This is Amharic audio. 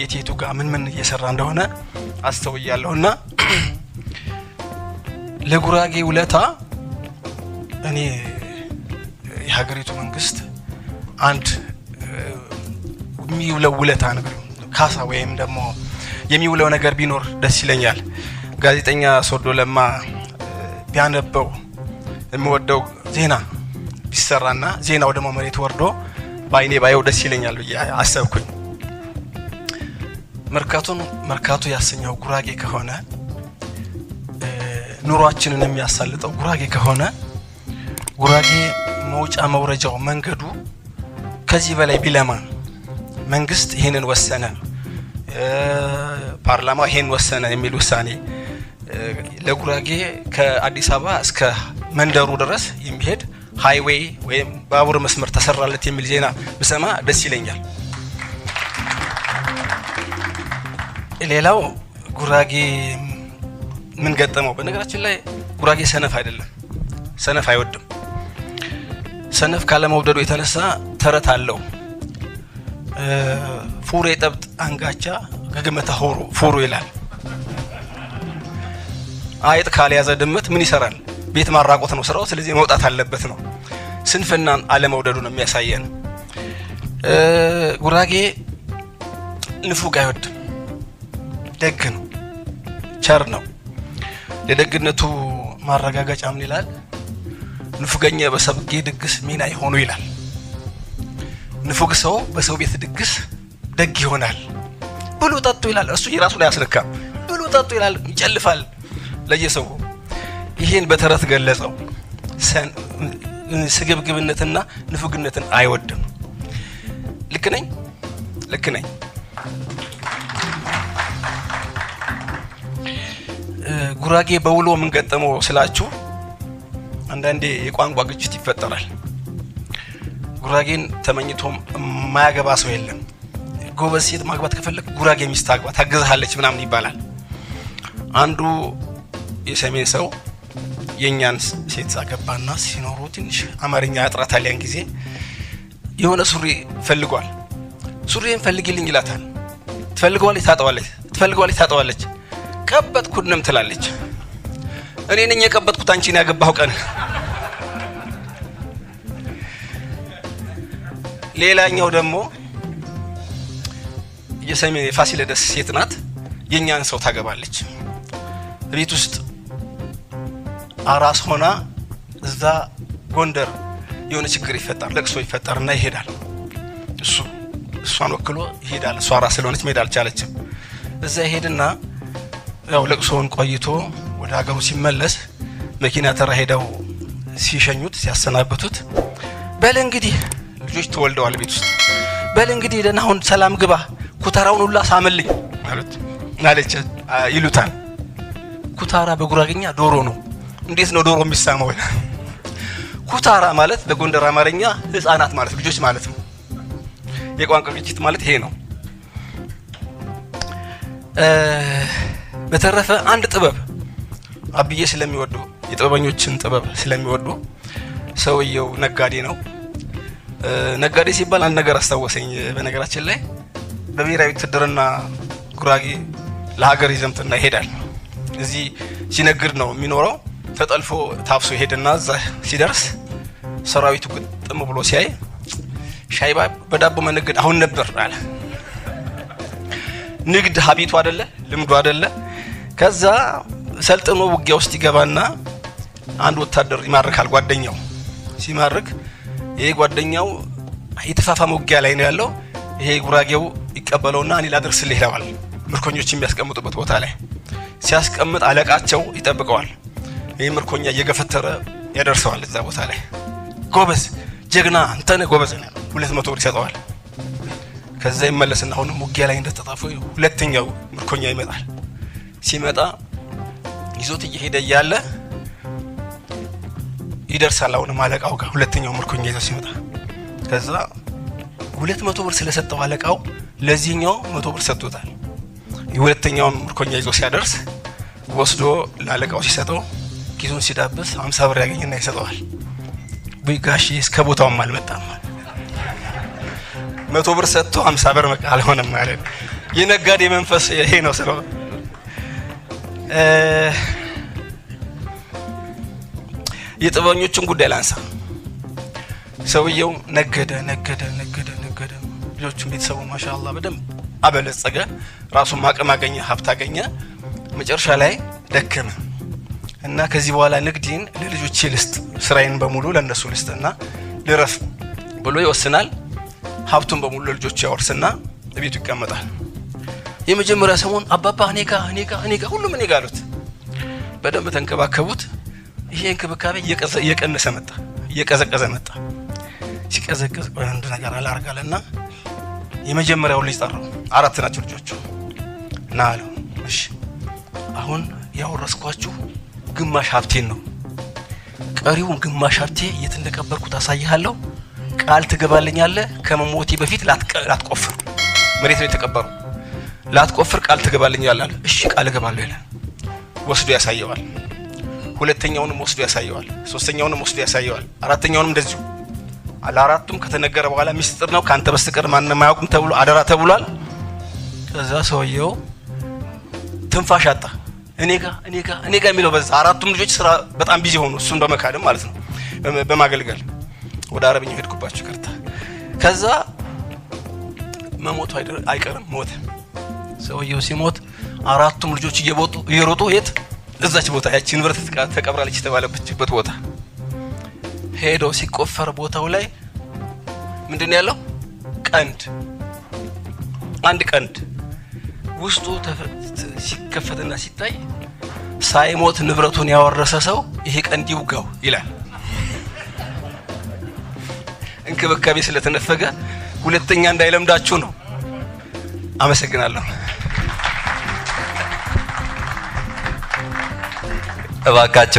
የቴቱ ጋር ምን ምን እየሰራ እንደሆነ አስተውያለሁ እና ለጉራጌ ውለታ እኔ የሀገሪቱ መንግስት አንድ የሚውለው ውለታ ነገር ካሳ ወይም ደግሞ የሚውለው ነገር ቢኖር ደስ ይለኛል። ጋዜጠኛ ሶዶ ለማ ቢያነበው የሚወደው ዜና ቢሰራና ዜናው ደግሞ መሬት ወርዶ በአይኔ ባየው ደስ ይለኛል ብዬ አሰብኩኝ። መርካቶን መርካቶ ያሰኘው ጉራጌ ከሆነ ኑሯችንን የሚያሳልጠው ጉራጌ ከሆነ ጉራጌ መውጫ መውረጃው መንገዱ ከዚህ በላይ ቢለማ መንግስት ይህንን ወሰነ፣ ፓርላማ ይሄን ወሰነ የሚል ውሳኔ ለጉራጌ ከአዲስ አበባ እስከ መንደሩ ድረስ የሚሄድ ሃይዌይ ወይም ባቡር መስመር ተሰራለት የሚል ዜና ብሰማ ደስ ይለኛል። ሌላው ጉራጌ ምን ገጠመው? በነገራችን ላይ ጉራጌ ሰነፍ አይደለም፣ ሰነፍ አይወድም። ሰነፍ ካለመውደዱ የተነሳ ተረት አለው። ፉሬ ጠብጥ አንጋቻ ከግመተ ሆሮ ፉሩ ይላል። አይጥ ካልያዘ ድመት ምን ይሰራል? ቤት ማራቆት ነው ስራው። ስለዚህ መውጣት አለበት ነው። ስንፍናን አለመውደዱ ነው የሚያሳየን። ጉራጌ ንፉግ አይወድም። ደግ ነው፣ ቸር ነው። ለደግነቱ ማረጋገጫ ምን ይላል? ንፉገኛ በሰብጌ ድግስ ሚና ይሆኑ ይላል። ንፉግ ሰው በሰው ቤት ድግስ ደግ ይሆናል። ብሉ ጠጡ ይላል። እሱ የራሱን አያስነካም። ብሉ ጠጡ ይላል፣ ይጨልፋል ለየሰው። ይህን በተረት ገለጸው። ስግብግብነትና ንፉግነትን አይወድም። ልክ ነኝ፣ ልክ ነኝ። ጉራጌ በውሎ ምን ገጠመው ስላችሁ አንዳንዴ የቋንቋ ግጭት ይፈጠራል። ጉራጌን ተመኝቶ የማያገባ ሰው የለም። ጎበዝ ሴት ማግባት ከፈለግ ጉራጌ ሚስት አግባ ታግዝሃለች ምናምን ይባላል። አንዱ የሰሜን ሰው የእኛን ሴት አገባና ሲኖሩ ትንሽ አማርኛ ያጥራታል። ያን ጊዜ የሆነ ሱሪ ፈልጓል። ሱሪን ፈልግልኝ ይላታል። ትፈልገዋለች፣ ታጠዋለች፣ ትፈልገዋለች፣ ታጠዋለች ቀበጥኩንም ትላለች። እኔ ነኝ የቀበጥኩት አንቺን ያገባሁ ቀን። ሌላኛው ደግሞ የሰሜን የፋሲለደስ ሴት ናት። የእኛን ሰው ታገባለች። ቤት ውስጥ አራስ ሆና እዛ ጎንደር የሆነ ችግር ይፈጠር፣ ለቅሶ ይፈጠርና ይሄዳል። እሱ እሷን ወክሎ ይሄዳል። እሷ አራስ ስለሆነች መሄድ አልቻለችም። እዛ ይሄድና ያው ለቅሶውን ቆይቶ ወደ ሀገሩ ሲመለስ መኪና ተራ ሄደው ሲሸኙት ሲያሰናብቱት፣ በል እንግዲህ ልጆች ተወልደዋል ቤት ውስጥ በል እንግዲህ ደህና አሁን ሰላም ግባ፣ ኩታራውን ሁሉ አሳምልኝ ማለት ናለች ይሉታል። ኩታራ በጉራግኛ ዶሮ ነው። እንዴት ነው ዶሮ የሚሳመው? ኩታራ ማለት በጎንደር አማርኛ ህፃናት ማለት ልጆች ማለት ነው። የቋንቋ ግጭት ማለት ይሄ ነው። በተረፈ አንድ ጥበብ አብዬ ስለሚወዱ የጥበበኞችን ጥበብ ስለሚወዱ ሰውየው ነጋዴ ነው። ነጋዴ ሲባል አንድ ነገር አስታወሰኝ። በነገራችን ላይ በብሔራዊ ውትድርና ጉራጌ ለሀገር ይዘምትና ይሄዳል። እዚህ ሲነግድ ነው የሚኖረው። ተጠልፎ ታፍሶ ይሄድና እዛ ሲደርስ ሰራዊቱ ግጥም ብሎ ሲያይ ሻይባ በዳቦ መነገድ አሁን ነበር አለ። ንግድ ሀቢቱ አደለ፣ ልምዱ አደለ ከዛ ሰልጥኖ ውጊያ ውስጥ ይገባና አንድ ወታደር ይማርካል። ጓደኛው ሲማርክ ይሄ ጓደኛው የተፋፋመ ውጊያ ላይ ነው ያለው። ይሄ ጉራጌው ይቀበለውና እኔ ላደርስልህ ይለዋል። ምርኮኞች የሚያስቀምጡበት ቦታ ላይ ሲያስቀምጥ አለቃቸው ይጠብቀዋል። ይህ ምርኮኛ እየገፈተረ ያደርሰዋል እዛ ቦታ ላይ። ጎበዝ ጀግና እንተነ ጎበዝ ነው። ሁለት መቶ ብር ይሰጠዋል። ከዛ ይመለስና አሁንም ውጊያ ላይ እንደተጣፈ ሁለተኛው ምርኮኛ ይመጣል። ሲመጣ ይዞት እየሄደ እያለ ይደርሳል። አሁንም አለቃው ጋር ሁለተኛው ምርኮኛ ይዘው ሲመጣ ከዛ ሁለት መቶ ብር ስለሰጠው አለቃው ለዚህኛው መቶ ብር ሰጥቶታል። የሁለተኛውን ምርኮኛ ይዞ ሲያደርስ ወስዶ ለአለቃው ሲሰጠው ኪሱን ሲዳብስ አምሳ ብር ያገኝና ይሰጠዋል። ቡይ ጋሼ እስከ ቦታውም አልመጣም። መቶ ብር ሰጥቶ አምሳ ብር አልሆነም ማለት የነጋዴ መንፈስ ይሄ ነው ስለሆነ የጥበኞችን ጉዳይ ላንሳ። ሰውየው ነገደ ነገደ ነገደ ነገደ፣ ልጆቹን ቤተሰቡ ማሻላ በደንብ አበለጸገ። ራሱን ማቅም አገኘ፣ ሀብት አገኘ። መጨረሻ ላይ ደከመ እና ከዚህ በኋላ ንግዴን ለልጆቼ ልስጥ፣ ስራዬን በሙሉ ለእነሱ ልስጥ እና ልረፍ ብሎ ይወስናል። ሀብቱን በሙሉ ለልጆቹ ያወርስና ቤቱ ይቀመጣል። የመጀመሪያ ሰሞን አባባ እኔ ጋ እኔ ጋ እኔ ጋ ሁሉም እኔ ጋ አሉት። በደንብ ተንከባከቡት። ይሄ እንክብካቤ እየቀነሰ መጣ፣ እየቀዘቀዘ መጣ። ሲቀዘቅዝ አንድ ነገር አላርጋለና የመጀመሪያው ልጅ ጠራው። አራት ናቸው ልጆቹ እና አለው እሺ፣ አሁን ያወረስኳችሁ ግማሽ ሀብቴን ነው። ቀሪውን ግማሽ ሀብቴ የት እንደቀበርኩት አሳይሃለሁ። ቃል ትገባልኛለህ። ከመሞቴ በፊት ላትቆፍር መሬት ነው የተቀበረው ላትቆፍር ቃል ትገባልኝ ያላል። እሺ ቃል እገባለሁ ይላል። ወስዶ ያሳየዋል። ሁለተኛውንም ወስዶ ያሳየዋል። ሶስተኛውንም ወስዶ ያሳየዋል። አራተኛውንም እንደዚሁ። ለአራቱም ከተነገረ በኋላ ሚስጥር ነው ከአንተ በስተቀር ማን ማያውቁም ተብሎ አደራ ተብሏል። ከዛ ሰውየው ትንፋሽ አጣ። እኔ ጋ እኔ ጋ እኔ ጋ የሚለው በዛ። አራቱም ልጆች ስራ በጣም ቢዚ ሆኑ፣ እሱም በመካደም ማለት ነው በማገልገል ወደ አረብኛ ሄድኩባቸው። ከርታ ከዛ መሞቱ አይቀርም ሞተ። ሰውየው ሲሞት አራቱም ልጆች እየሮጡ የት እዛች ቦታ ያቺ ንብረት ተቀብራለች የተባለችበት ቦታ ሄደው ሲቆፈር ቦታው ላይ ምንድን ያለው ቀንድ አንድ ቀንድ ውስጡ ሲከፈትና ሲታይ ሳይሞት ንብረቱን ያወረሰ ሰው ይሄ ቀንድ ይውጋው ይላል። እንክብካቤ ስለተነፈገ ሁለተኛ እንዳይለምዳችሁ ነው። አመሰግናለሁ። እባካቸው